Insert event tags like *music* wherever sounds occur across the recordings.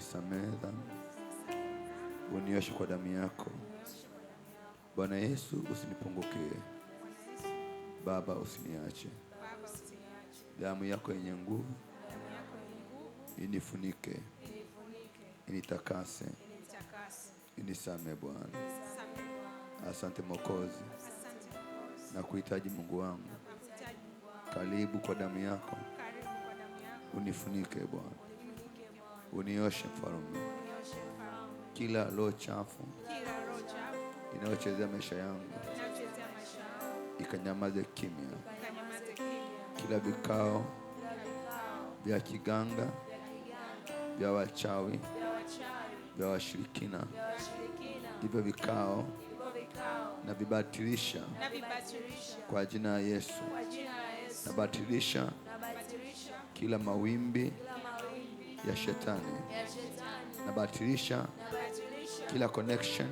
unisamehe dhambi, unioshe kwa damu yako. Bwana Yesu, usinipungukie Baba, usiniache. Damu yako yenye nguvu inifunike, initakase, inisamehe Bwana. Asante Mwokozi, na kuhitaji Mungu wangu, karibu kwa damu yako unifunike Bwana unioshe mfalme, kila roho chafu inayochezea maisha yangu ikanyamaze kimya, kila vikao vya kiganga vya wachawi vya washirikina hivyo vikao na vibatilisha kwa jina la Yesu, nabatilisha kila mawimbi ya shetani, Nabatilisha kila connection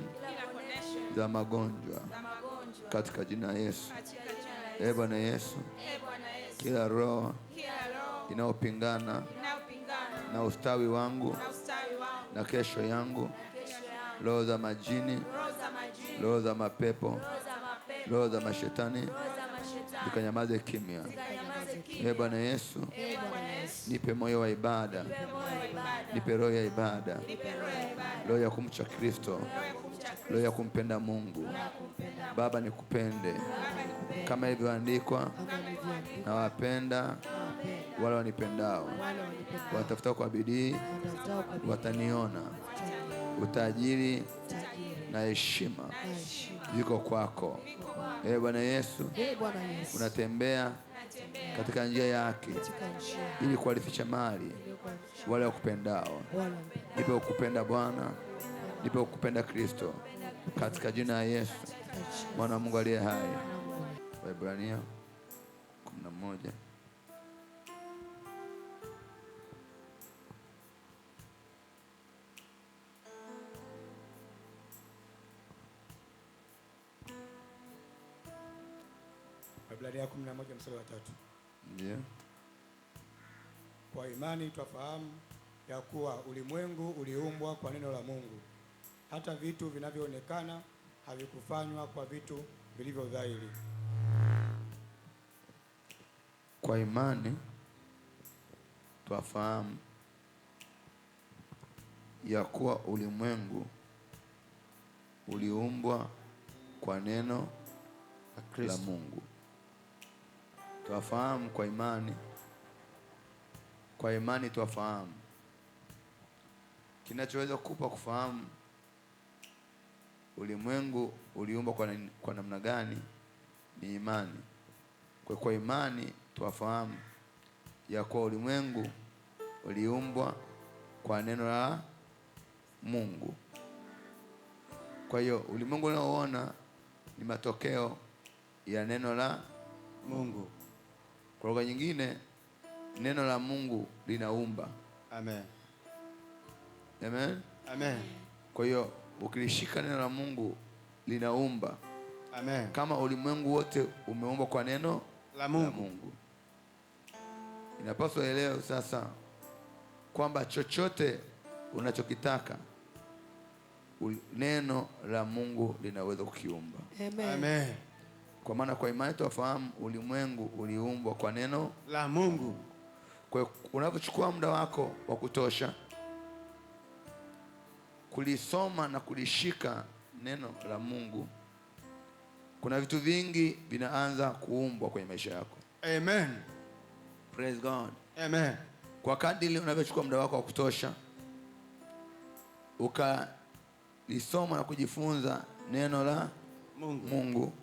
za magonjwa katika jina Yesu. ee Bwana Yesu, kila roho inayopingana na ustawi wangu na kesho yangu, roho za majini, roho za mapepo, roho za mashetani zikanyamaze kimya. ee Bwana Yesu, nipe moyo wa ibada, nipe roho ya ibada, roho ya kumcha Kristo, roho ya kumpenda Mungu. Baba nikupende kama ilivyoandikwa, nawapenda wale wanipendao, watafuta kwa bidii wataniona. Utajiri na heshima ziko kwako, ee Bwana Yesu, ee unatembea katika njia yake ili kuwarithisha mali wale wakupendao. Nipe ukupenda Bwana, nipe kupenda Kristo, katika jina ya Yesu mwana wa Mungu aliye hai. Waibrania kumi na moja. Waibrania kumi na moja mstari wa tatu yeah. Kwa imani twafahamu ya kuwa ulimwengu uliumbwa kwa neno la Mungu, hata vitu vinavyoonekana havikufanywa kwa vitu vilivyo dhahiri. Kwa imani twafahamu ya kuwa ulimwengu uliumbwa kwa neno la Mungu Twafahamu kwa imani, kwa imani tuwafahamu Kinachoweza kupa kufahamu ulimwengu uliumbwa kwa, kwa namna gani ni imani. Kwa, kwa imani tuwafahamu ya kuwa ulimwengu uliumbwa kwa neno la Mungu. Kwa hiyo ulimwengu unaoona ni matokeo ya neno la Mungu. Kwa lugha nyingine, neno la Mungu linaumba. Amen. Amen. Amen. Kwa hiyo ukilishika neno la Mungu linaumba. Amen. Kama ulimwengu wote umeumbwa kwa neno la Mungu, Mungu. Inapaswa elewe sasa kwamba chochote unachokitaka neno la Mungu linaweza kukiumba. Amen. Amen. Kwa maana kwa imani twafahamu ulimwengu uliumbwa kwa neno la Mungu. Kwa hiyo unapochukua muda wako wa kutosha kulisoma na kulishika neno la Mungu, kuna vitu vingi vinaanza kuumbwa kwenye maisha yako. Amen. Praise God. Amen. Kwa kadiri unavyochukua muda wako wa kutosha ukalisoma na kujifunza neno la Mungu, Mungu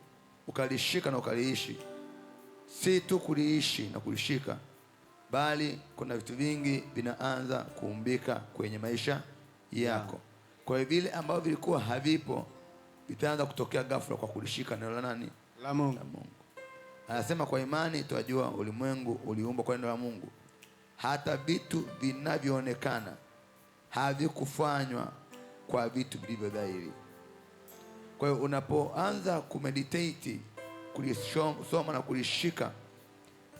ukalishika na ukaliishi, si tu kuliishi na kulishika, bali kuna vitu vingi vinaanza kuumbika kwenye maisha yako. Kwa hiyo vile ambavyo vilikuwa havipo vitaanza kutokea ghafla kwa kulishika neno la nani? La Mungu. La Mungu. Anasema kwa imani twajua ulimwengu uliumbwa kwa neno la Mungu, hata vitu vinavyoonekana havikufanywa kwa vitu vilivyo dhahiri. Kwa hiyo unapoanza kumeditate kulisoma na kulishika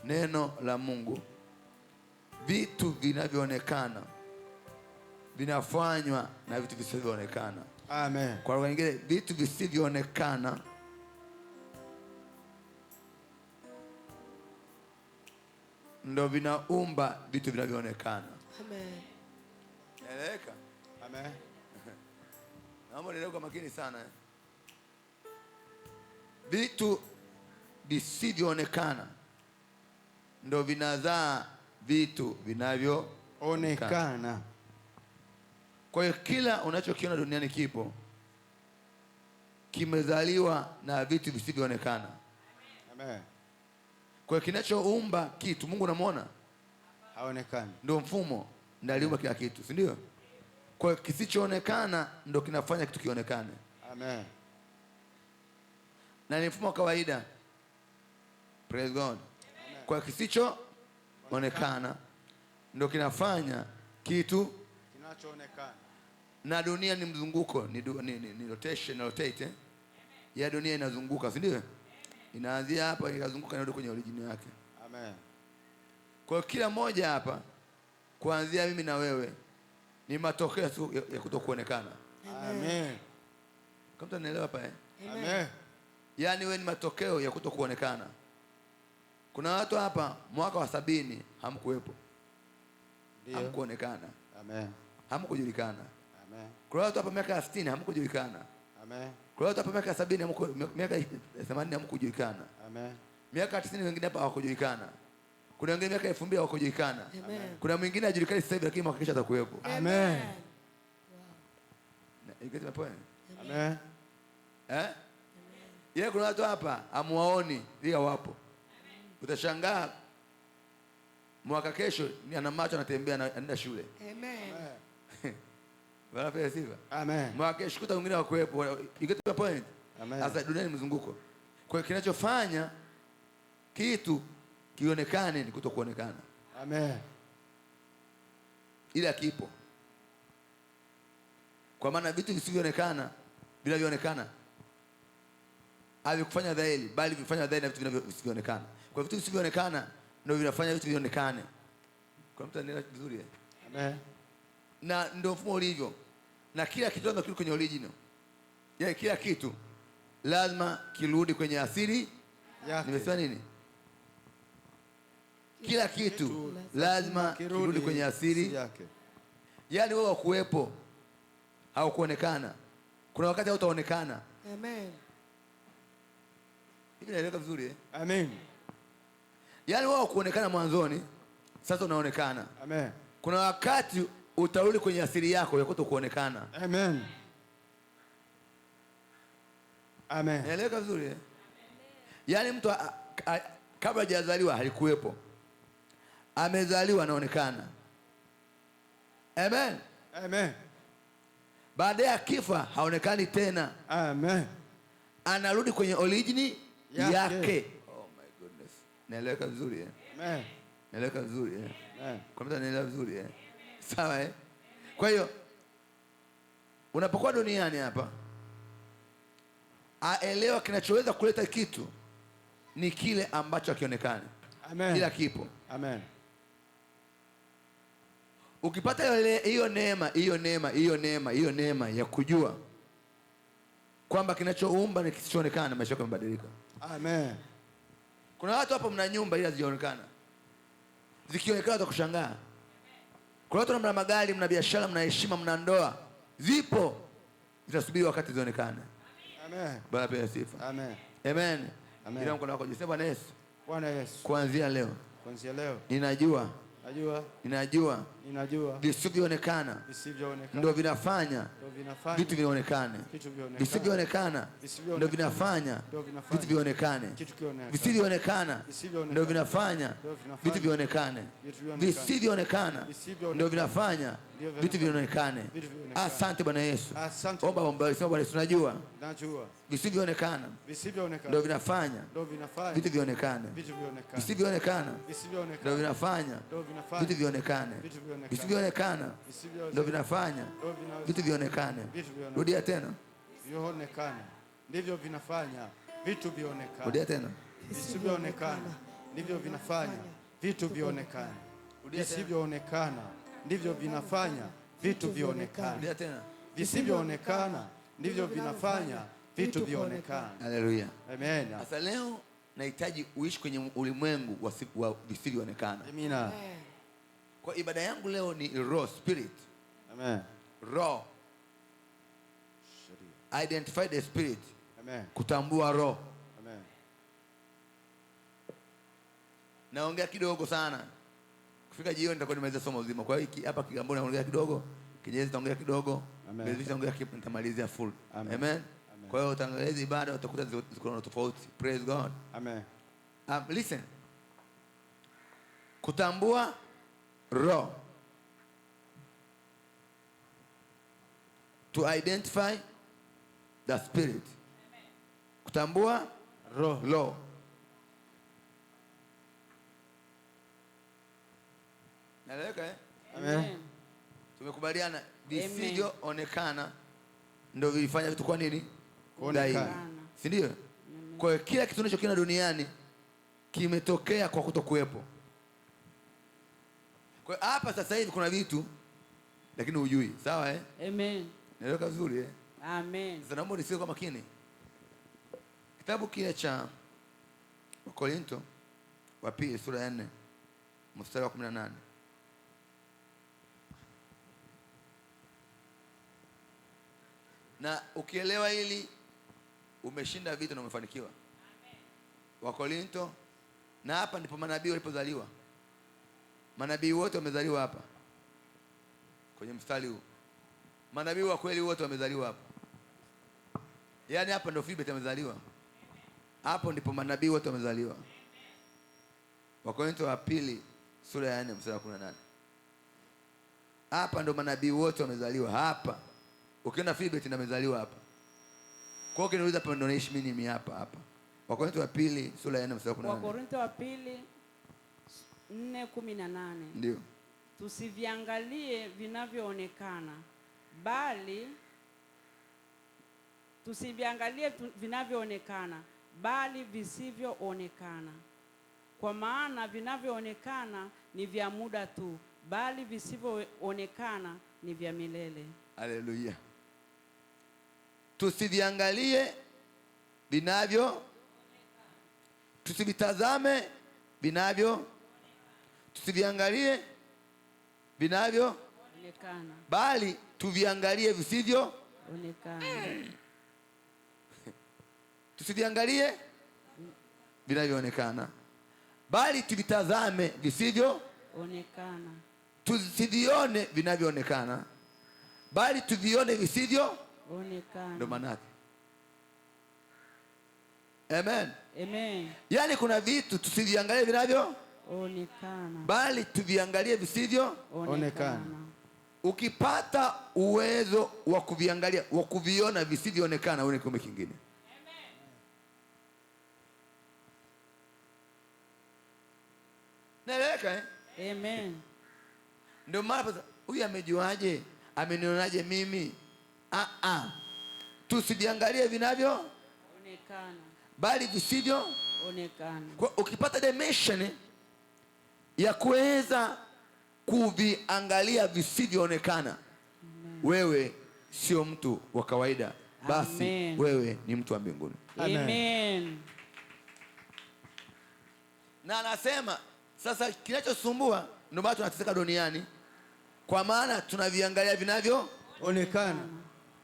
neno la Mungu, vitu vinavyoonekana vinafanywa na vitu visivyoonekana. Amen. Kwa lugha nyingine, vitu visivyoonekana ndo vinaumba vitu vinavyoonekana. Amen. Eleka. Amen. *laughs* Naomba nielewe kwa makini sana. Vitu visivyoonekana ndo vinazaa vitu vinavyoonekana. Kwa hiyo kila unachokiona duniani kipo kimezaliwa na vitu visivyoonekana. Amen. Kwa hiyo kinachoumba kitu, Mungu unamwona, haonekani, ndio mfumo ndio aliumba kila kitu, si ndio? Kwa hiyo kisichoonekana ndo kinafanya kitu kionekane. Amen na ni mfumo wa kawaida. Praise God. Kwa kisichoonekana ndio kinafanya kitu kinachoonekana, na dunia ni mzunguko, ni, ni, ni, ni rotation, rotate eh? ya dunia inazunguka, si ndio? Inaanzia hapa ikazunguka, inarudi kwenye orijini yake. Amen. Kwa kila mmoja hapa kuanzia mimi na wewe ni matokeo tu ya kutokuonekana. Amen. Kama tunaelewa hapa eh? Amen yaani wewe ni matokeo ya kuto kuonekana. Kuna watu hapa mwaka wa sabini hamkuwepo, hamkuonekana, hamkujulikana. Kuna watu hapa miaka ya sitini hamkujulikana. Kuna watu hapa miaka ya sabini, miaka ya themanini hamkujulikana. Miaka ya tisini wengine hapa hawakujulikana. Kuna wengine miaka elfu mbili hawakujulikana. Kuna mwingine ajulikani sasa hivi, lakini Amen. Amen. Amen. Amen. Eh? Yeye kuna watu hapa amwaoni ila wapo. Utashangaa mwaka kesho ni ana macho anatembea anaenda shule. Amen. *laughs* Bwana pia sifa. Amen. Mwaka kesho kuta wengine wakuepo. You get the point? Amen. Sasa dunia ni mzunguko. Kwa hiyo kinachofanya kitu kionekane ni kutokuonekana. Amen. Ila kipo. Kwa maana vitu visivyoonekana vinavyoonekana havikufanya dhahiri, bali vilifanya dhahiri na vitu vinavyoonekana. Kwa vitu visivyoonekana ndio vinafanya vitu vionekane. Kwa mtu anaelewa vizuri eh? Amen. Na ndio mfumo ulivyo, na kila kitu lazima kirudi kwenye original, yaani kila kitu lazima kirudi kwenye asili yake. Nimesema nini? Kila kitu lazima kirudi kwenye asili yake. Yaani wewe wakuwepo haukuonekana, kuna wakati hautaonekana. Amen. Naeleweka vizuri eh? Amen. Yaani wao kuonekana mwanzoni, sasa unaonekana. Amen. Kuna wakati utarudi kwenye asili yako ya kuonekana. Amen. Amen. Naeleweka vizuri eh? Yaani mtu kabla hajazaliwa halikuwepo, amezaliwa anaonekana. Amen. Amen. Baadaye akifa haonekani tena. Amen. Anarudi kwenye orijini yake, Oh my goodness. Naeleweka vizuri eh? Amen. Naeleweka vizuri eh? Amen. Kwa mtu anaelewa vizuri eh? Sawa eh? Kwa hiyo unapokuwa duniani hapa aelewa kinachoweza kuleta kitu ni kile ambacho hakionekani. Amen. Kila kipo. Amen. Ukipata hiyo neema, hiyo neema, hiyo neema, hiyo neema ya kujua kwamba kinachoumba ni kisichoonekana, maisha yako yamebadilika. Amen. Kuna watu hapa mna nyumba ila hazijaonekana, zikionekana kushangaa. Kuna watu mna magari, mna biashara, mna heshima, mna ndoa, zipo zitasubiri wakati zionekane. Amen. sifa. Amen. Amen. Amen. Yesu. Yesu. Kuanzia leo. Kuanzia leo. Ninajua Najua. Ninajua. Ninajua. Visivyoonekana. Visivyoonekana. Ndio vinafanya. Vitu vionekane. Visivyoonekana. Ndio vinafanya. Vitu vionekane. Visivyoonekana. Ndio vinafanya. Vitu vionekane. Visivyoonekana. Ndio vinafanya vitu vionekane. Asante Bwana Yesu. Tunajua visivyoonekana ndio vinafanya vitu vionekane, visivyoonekana ndio vinafanya vitu vionekane, visivyoonekana ndio vinafanya vitu vionekane. Rudia tena, vionekane ndivyo vinafanya vitu vionekane. Rudia tena, visivyoonekana ndivyo vinafanya vitu vionekane, visivyoonekana ndivyo vinafanya vitu vionekane, visivyoonekana ndivyo vinafanya vitu vionekane. Haleluya, amen. Sasa leo nahitaji uishi kwenye ulimwengu wa visivyoonekana. Amina. Kwa ibada yangu leo ni raw spirit. Amen. Raw. Identify the spirit. Amen. Kutambua roho. Amen. Naongea kidogo sana Kufika jioni nitakuwa nimaliza somo zima. Kwa hiyo hapa Kigamboni naongea kidogo, Kinyezi nitaongea kidogo, Mbezi nitaongea kidogo, nitamalizia full. Amen. Amen. Kwa hiyo utangalia ibada utakuta ziko na tofauti. Praise God. Amen. Um, listen. Kutambua roho. To identify the spirit. Amen. Kutambua roho. Naeleweka eh? Amen. Tumekubaliana visivyoonekana ndio vilifanya vitu kwa nini? Kuonekana. Si ndio? Kwa hiyo kila kitu unachokiona duniani kimetokea kwa kutokuwepo. Kwa hiyo hapa sasa hivi kuna vitu lakini hujui. Sawa eh? Amen. Naeleweka vizuri eh? Amen. Sasa naomba nisikie kwa makini. Kitabu kile cha Wakorinto wa pili sura ya 4 mstari wa 18. na ukielewa hili umeshinda vita na umefanikiwa. Wakorinto, na hapa ndipo manabii walipozaliwa. Manabii wote wamezaliwa hapa kwenye mstari huu, manabii wa kweli wote wamezaliwa hapa. Yaani hapa ndio Phibet amezaliwa, hapo ndipo manabii wote wamezaliwa. wakorinto wa pili sura ya 4 mstari wa 18. Hapa ndio manabii wote wamezaliwa hapa. Ukiona Philbert namezaliwa hapa. Kwa hiyo kiniuliza hapa ndio naishi mimi hapa hapa. Wakorintho wa pili sura ya 4 mstari wa 18. Wakorintho wa pili 4:18. Ndio. Tusiviangalie vinavyoonekana bali tusiviangalie vinavyoonekana bali visivyoonekana, kwa maana vinavyoonekana ni vya muda tu, bali visivyoonekana ni vya milele. Haleluya! tusiviangalie vinavyo, tusivitazame vinavyo, tusiviangalie vinavyo, bali tuviangalie visivyo *laughs* tusiviangalie vinavyoonekana, bali tuvitazame visivyo onekana, Tusivione vinavyoonekana, bali tuvione visivyo ndio maana yake. Amen. Amen. Yaani kuna vitu tusiviangalie vinavyo onekana, bali tuviangalie visivyo onekana. Ukipata uwezo wa kuviangalia wa kuviona visivyoonekana, uone kiumbe kingine. Naeleweka eh? Amen. Ndio maana huyu amejuaje? Amenionaje mimi? ah, ah. vinavyo onekana. bali onekana. Kwa ukipata dimension ya kuweza kuviangalia visivyoonekana, wewe sio mtu wa kawaida, basi Amen. Wewe ni mtu wa mbinguni Amen. Amen. Na anasema sasa, kinachosumbua ndio maana tunateseka duniani, kwa maana tunaviangalia vinavyoonekana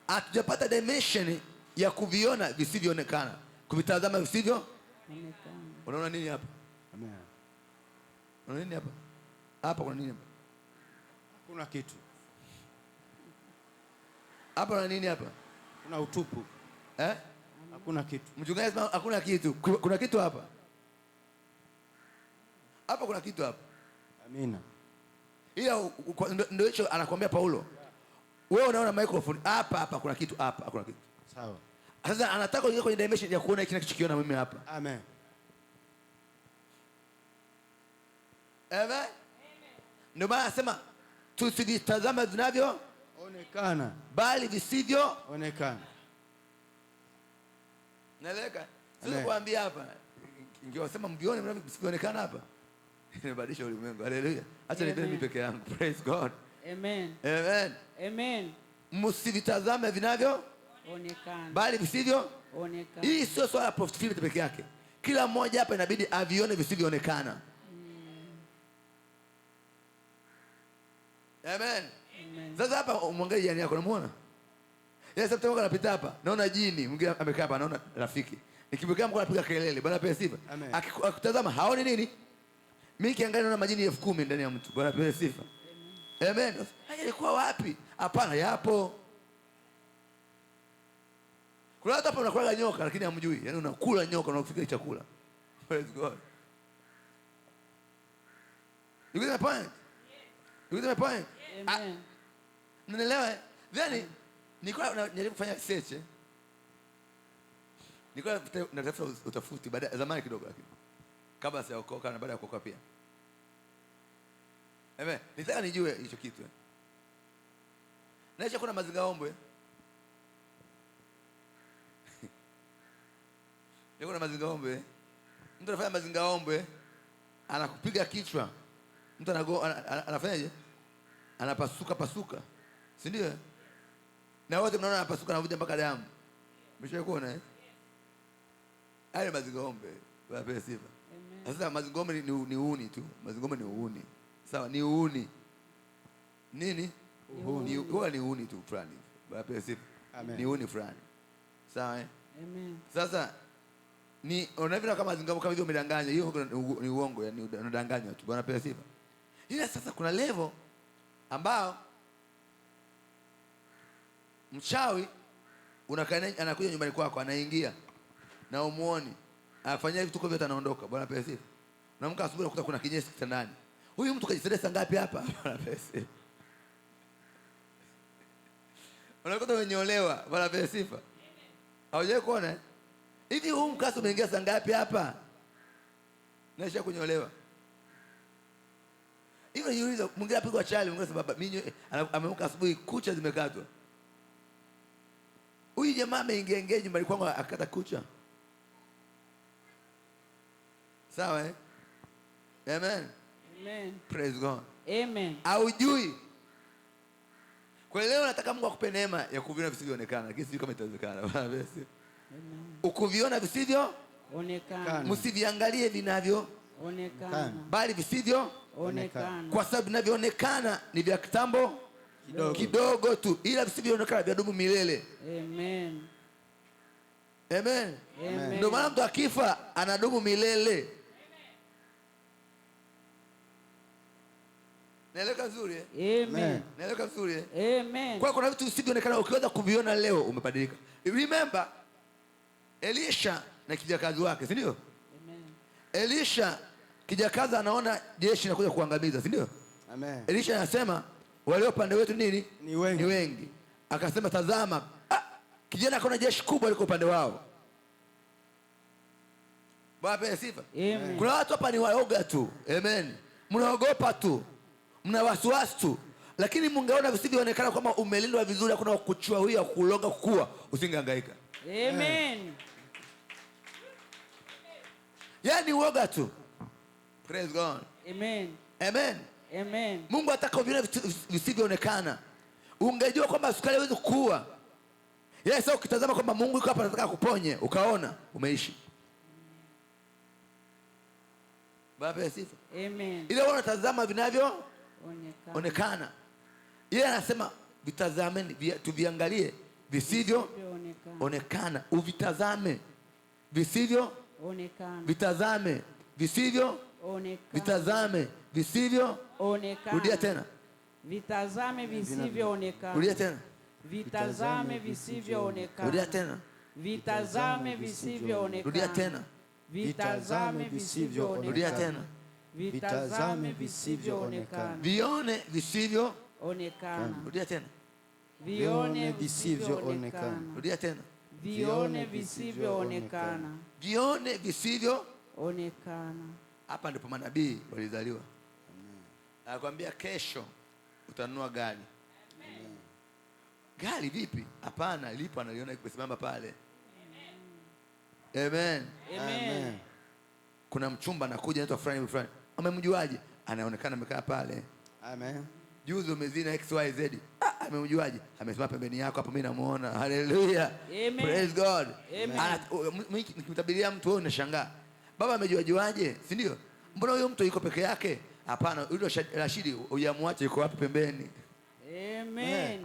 hatujapata dimension ya kuviona visivyoonekana, kuvitazama visivyo. Unaona nini hapa? Unaona nini hapa? Hapa kuna nini hapa? Kuna kitu hapa. Kuna nini hapa? Kuna utupu eh? Hakuna kitu. Mchungaji sema hakuna kitu. Kuna kitu hapa hapa, kuna kitu hapa. Amina. Ila ndio hicho anakuambia Paulo wewe unaona microphone hapa hapa, kuna kitu hapa, kuna kitu sawa. Sasa anataka uingie kwenye dimension ya kuona kile kinachokiona mimi hapa. Amen. Ewe? Amen. Ndio maana anasema tusivitazame onekana bali visivyo onekana. Naeleka? Sasa kuambia hapa ingesema mvione mnavyoonekana hapa. *laughs* Inabadilisha ulimwengu. Haleluya. Acha nibebe mimi peke yangu. Praise God. Amen. Amen. Amen. Msivitazame onekana. bali visivyo onekana. Hii sio swala la profitability peke yake, kila mmoja hapa inabidi avione visivyoonekana. Amen. Amen. Sasa hapa umwangalie jirani yako, unamuona? namuona anapita hapa, naona jini mwingine amekaa hapa, naona rafiki nikimwekea mkono anapiga kelele, Bwana apewe sifa. Akikutazama haoni nini? Mimi kiangalia naona majini elfu kumi ndani ya mtu, Bwana apewe sifa. Amen. Ilikuwa wapi? Hapana, yapo. Kuna watu hapa unakula nyoka lakini hamjui. Yaani unakula nyoka na unafikiri chakula. *laughs* Praise God. You get my point? Yes. You get my point? Ah, Amen. Mnaelewa? Then nilikuwa najaribu kufanya research. Nilikuwa natafuta utafuti baada zamani kidogo lakini kabla sijaokoka na baada ya kuokoka pia. Amen. Nitaka nijue hicho kitu. Eh. Naisha kuna mazinga ombwe. *laughs* Ni Kuna mazinga ombwe. Eh. Mtu anafanya mazinga ombwe anakupiga kichwa. Mtu anago anafanyaje? Anapasuka pasuka. Si ndio? Eh? Na wote mnaona anapasuka anavuja mpaka damu. Umeshawahi kuona eh? Hayo mazinga ombwe. Baba sifa. Sasa mazinga ombwe ni, ni uuni tu. ombwe ni uni sawa, ni uuni nini, huwa ni uuni tu fulani, ni uuni fulani, sawa eh? Amen. Sasa ni unaviona kama zingapo kama hizo umedanganya, hiyo ni uongo, yani unadanganywa tu, Bwana pewa sifa. Ila sasa kuna level ambao mchawi unakana, anakuja nyumbani kwako, anaingia na umuoni, afanyia vituko vyote, anaondoka. Bwana pewa sifa. Unaamka asubuhi unakuta kuna kinyesi kitandani huyu mtu kajistresa ngapi hapa? *laughs* Bwana pesa. Unakuta umenyolewa, Bwana pesa sifa. Haujawahi kuona? Eh? Hivi huu mkasa umeingia saa ngapi hapa? Naisha kunyolewa. Hiyo niuliza mwingine apigwa chali, mwingine sababu mimi ameamka asubuhi kucha zimekatwa. Huyu jamaa ameingia ingia nyumbani kwangu akata kucha. Sawa eh? Amen. Amen. Praise God. Amen. Kwa leo nataka Mungu akupe neema ya kuviona visivyoonekana, lakini sijui kama itawezekana. *laughs* Ukuviona visivyo onekana. Msiviangalie vinavyo onekana, bali visivyo onekana, kwa sababu vinavyoonekana ni vya kitambo kidogo, kidogo tu, ila visivyoonekana dumu milele. Amen. Amen. Amen. Ndio maana mtu akifa anadumu milele. Naeleweka vizuri eh? Amen. Naeleweka vizuri eh? Amen. Kwa kuna vitu usivyoonekana ukiweza kuviona leo umebadilika. Remember Elisha na kijakazi wake, si ndio? Amen. Elisha kijakazi anaona jeshi linakuja kuangamiza, si ndio? Amen. Elisha anasema walio upande wetu nini? Ni wengi. Ni wengi. Akasema tazama, ah, kijana akaona jeshi kubwa liko upande wao. Bwana sifa. Amen. Kuna watu hapa ni waoga tu. Amen. Mnaogopa tu mna wasiwasi tu, lakini mungeona visivyoonekana kwamba umelindwa vizuri, hakuna kuchua huyu wakulonga kukua, usingehangaika. Amen. Yani uoga tu. Praise God. Amen. Amen. Amen. Mungu ataka uvione visivyoonekana. Ungejua kwamba sukari haiwezi kukua Yeye sasa ukitazama kwamba Mungu yuko hapa anataka kuponye, ukaona umeishi. Baba sifa. Amen. Ile unatazama vinavyo onekana, onekana. Yeye anasema vitazameni, tuviangalie visivyo onekana, uvitazame visivyo onekana, vitazame visivyo onekana, vitazame visivyo onekana. Rudia tena, vitazame visivyo onekana. Rudia tena, vitazame visivyo onekana. Rudia tena, vitazame visivyo onekana. Rudia tena, vitazame visivyo onekana. Rudia tena vitazame visivyoonekana, vione visivyoonekana. Rudia tena, vione visivyoonekana. Rudia tena, vione visivyoonekana, vione visivyoonekana. Hapa ndipo manabii walizaliwa. Anakuambia kesho utanunua gari. Gari vipi? Hapana, lipo analiona kusimama pale. Amen. Amen. Amen. Amen. Kuna mchumba anakuja anaitwa fulani fulani Amemjuaje? Anaonekana amekaa pale. Amen. Juzi umezina XYZ. Ah, amemjuaje? Amesimama pembeni yako hapo, mimi namuona. Haleluya. Praise God. Amen. Nikimtabiria mtu wewe unashangaa. Baba amejuajuaje? Si ndio? Mbona huyo mtu yuko peke yake? Hapana, yule Rashidi hujamwacha yuko wapi pembeni? Amen. Eh.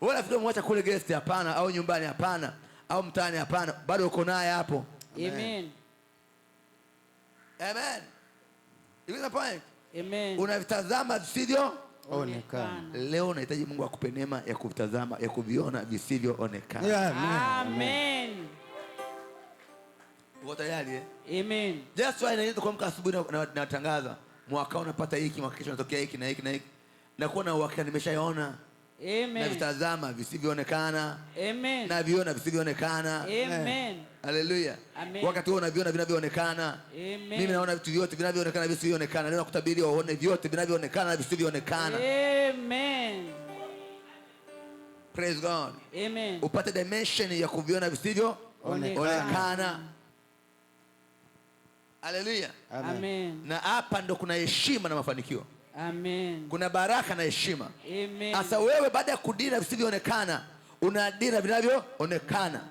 Wewe rafiki umwacha kule guest hapana, au nyumbani hapana, au mtaani hapana, bado uko naye hapo. Amen. Amen. Amen. Unavitazama visivyoonekana. Leo unahitaji Mungu akupe neema ya kuvitazama, ya kuviona visivyoonekana. Yeah, amen. Uko tayari eh? Amen. That's why naenda kuamka asubuhi na natangaza mwaka unapata hiki, mwaka kesho unatokea hiki na hiki na hiki. Nakuwa na uhakika nimeshaona Amen. Na vitazama visivyoonekana Amen. Na viona visivyoonekana Amen. Haleluya. Wakati wewe unaviona vinavyoonekana. Amen. Mimi naona vitu vyote vinavyoonekana visivyoonekana. Leo nakutabiria uone vyote vinavyoonekana visivyoonekana. Amen. Praise God. Amen. Upate dimension ya kuviona visivyoonekana. onekana. Haleluya. Amen. Na hapa ndo kuna heshima na mafanikio. Amen. Kuna baraka na heshima. Amen. Sasa wewe baada ya kudina visivyoonekana unadina vinavyoonekana.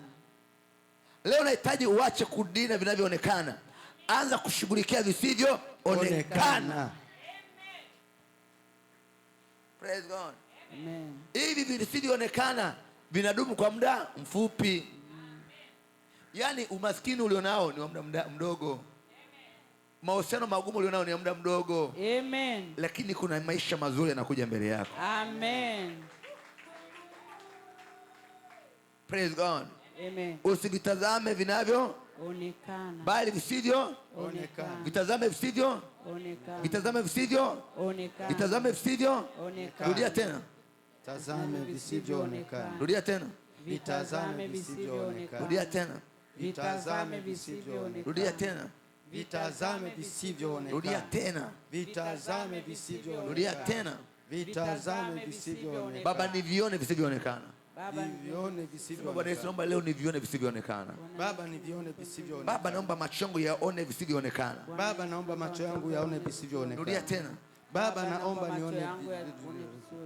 Leo nahitaji uache kudina vinavyoonekana, anza kushughulikia visivyoonekana. Praise God. Amen. Hivi visivyoonekana vinadumu kwa muda mfupi. Amen. Yaani umaskini ulionao ni wa muda mdogo Mahusiano magumu ulionayo ni ya muda mdogo. Amen. Lakini kuna maisha mazuri yanakuja mbele yako. Amen. Praise God. Amen. Usivitazame vinavyo onekana, bali visivyo onekana. Vitazame visivyo onekana. Vitazame visivyo onekana. Vitazame visivyo onekana. Rudia tena. Tazame visivyo onekana. Rudia tena. Vitazame visivyo onekana. Rudia tena. Vitazame visivyo onekana. Rudia tena vitazame visivyoonekana. Rudia tena, vitazame visivyoonekana. Rudia tena, vitazame visivyoonekana. Baba, nivione visivyoonekana. Bwana Yesu, naomba leo nivione visivyoonekana. Baba, nivione visivyoonekana. Baba, naomba macho yangu yaone visivyoonekana. Baba, naomba macho yangu yaone visivyoonekana. Rudia tena. Baba, naomba nione.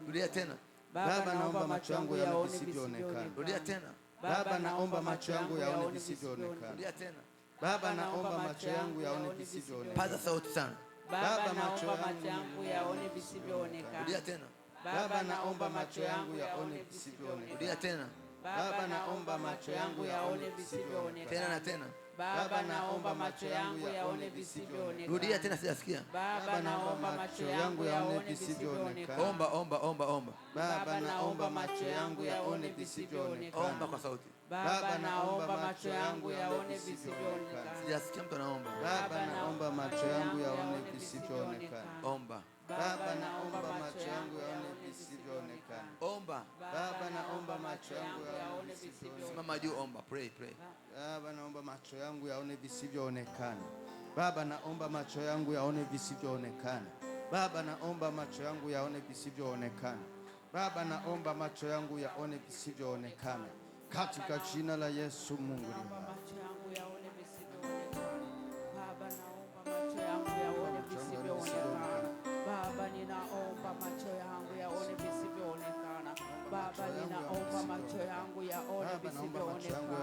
Rudia tena. Baba, naomba macho yangu yaone visivyoonekana. Rudia tena. Baba, naomba macho yangu yaone visivyoonekana. Rudia tena. Baba, naomba macho yangu yaone visivyoonekana. Paza sauti sana. Baba, macho yangu yaone visivyoonekana. Rudia tena. Baba, naomba macho yangu yaone visivyoonekana. Rudia tena. Baba, naomba macho yangu yaone visivyoonekana. Tena na tena. Baba, naomba macho yangu yaone visivyoonekana. Rudia tena sijasikia. Baba, naomba macho yangu yaone visivyoonekana. Omba, omba, omba, omba. Baba, naomba macho yangu yaone visivyoonekana. Omba kwa sauti. Baba, naomba macho yangu yaone visivyoonekana. Sijasikia mtu anaomba. Baba, naomba macho yangu yaone visivyoonekana. Omba. Baba, naomba macho yangu yaone visivyoonekana. Omba. Baba, naomba macho yangu yaone visivyoonekana. Simama juu, omba, pray, pray. Baba, naomba macho yangu yaone visivyoonekana. Baba, naomba macho yangu yaone visivyoonekana. Baba, naomba macho yangu yaone visivyoonekana. Baba, naomba macho yangu yaone visivyoonekana. Katika jina la Yesu Mungu. Baba, macho yangu yaone visivyoonekana. 把车。Baba, ninaomba macho yangu yaone visivyoonekana.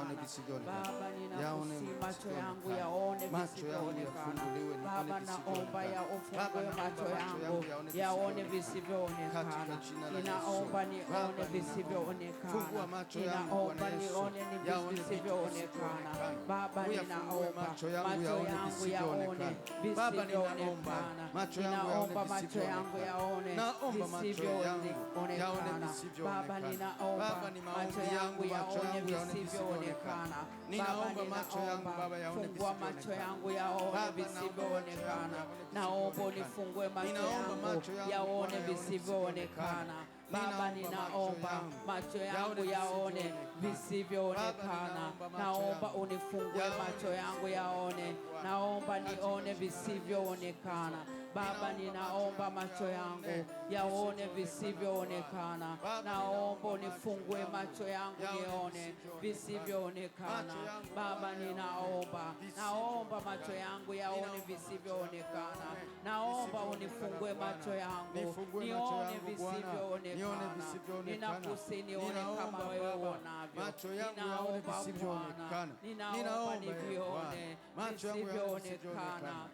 Baba, ninakusi macho yangu yaone visivyoonekana. Baba, naomba yaufungue macho yangu yaone visivyoonekana. Ninaomba nione visivyoonekana. Ninaomba nione visivyoonekana. Baba, ninaomba macho yangu yaone visivyoonekana. Ninaomba macho yangu yaone visivyoonekana. Baba, ninaomba macho yangu yaone visivyoonekana. Baba, ninaomba fungua macho yangu yaone visivyoonekana. Naomba unifungue macho yangu yaone visivyoonekana. Baba, ninaomba macho yangu yaone visivyoonekana. Naomba unifungue macho yangu yaone, naomba nione visivyoonekana. Baba, ninaomba macho yangu yaone visivyoonekana. Naomba unifungue macho yangu nione visivyoonekana. Baba, ninaomba, naomba macho yangu yaone visivyoonekana. Naomba unifungue macho yangu nione visivyoonekana. Ninakusi nione kama wewe uonavyo. Macho yangu yaone visivyoonekana, ninaomba nione macho yangu nivione visivyoonekana.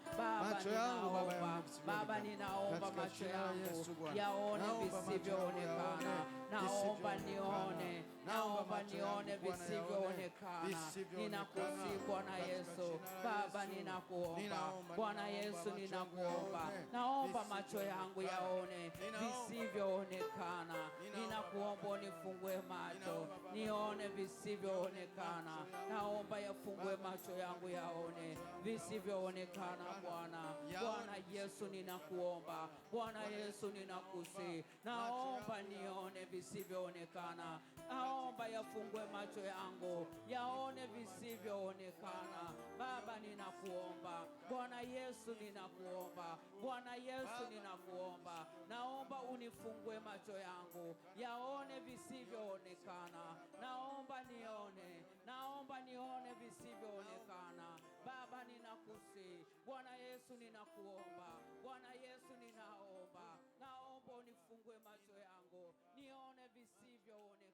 Baba, ninaomba macho yangu yaone visivyoonekana, naomba nione naomba nione visivyoonekana. Ninakusihi Bwana Yesu. Baba, ninakuomba Bwana Yesu, ninakuomba, naomba macho yangu yaone visivyoonekana. Ninakuomba unifungue macho nione visivyoonekana, naomba yafungue macho yangu yaone visivyoonekana. Bwana Bwana Yesu, ninakuomba Bwana Yesu, ninakusi naomba nione visivyoonekana naomba yafungue macho yangu yaone visivyoonekana. Baba, ninakuomba Bwana Yesu, ninakuomba Bwana Yesu, ninakuomba naomba unifungue macho yangu yaone visivyoonekana. Naomba nione, naomba nione visivyoonekana. Baba, ninakusi Bwana Yesu, ninakuomba Bwana Yesu, ninaomba naomba unifungue macho yangu nione visivyoonekana.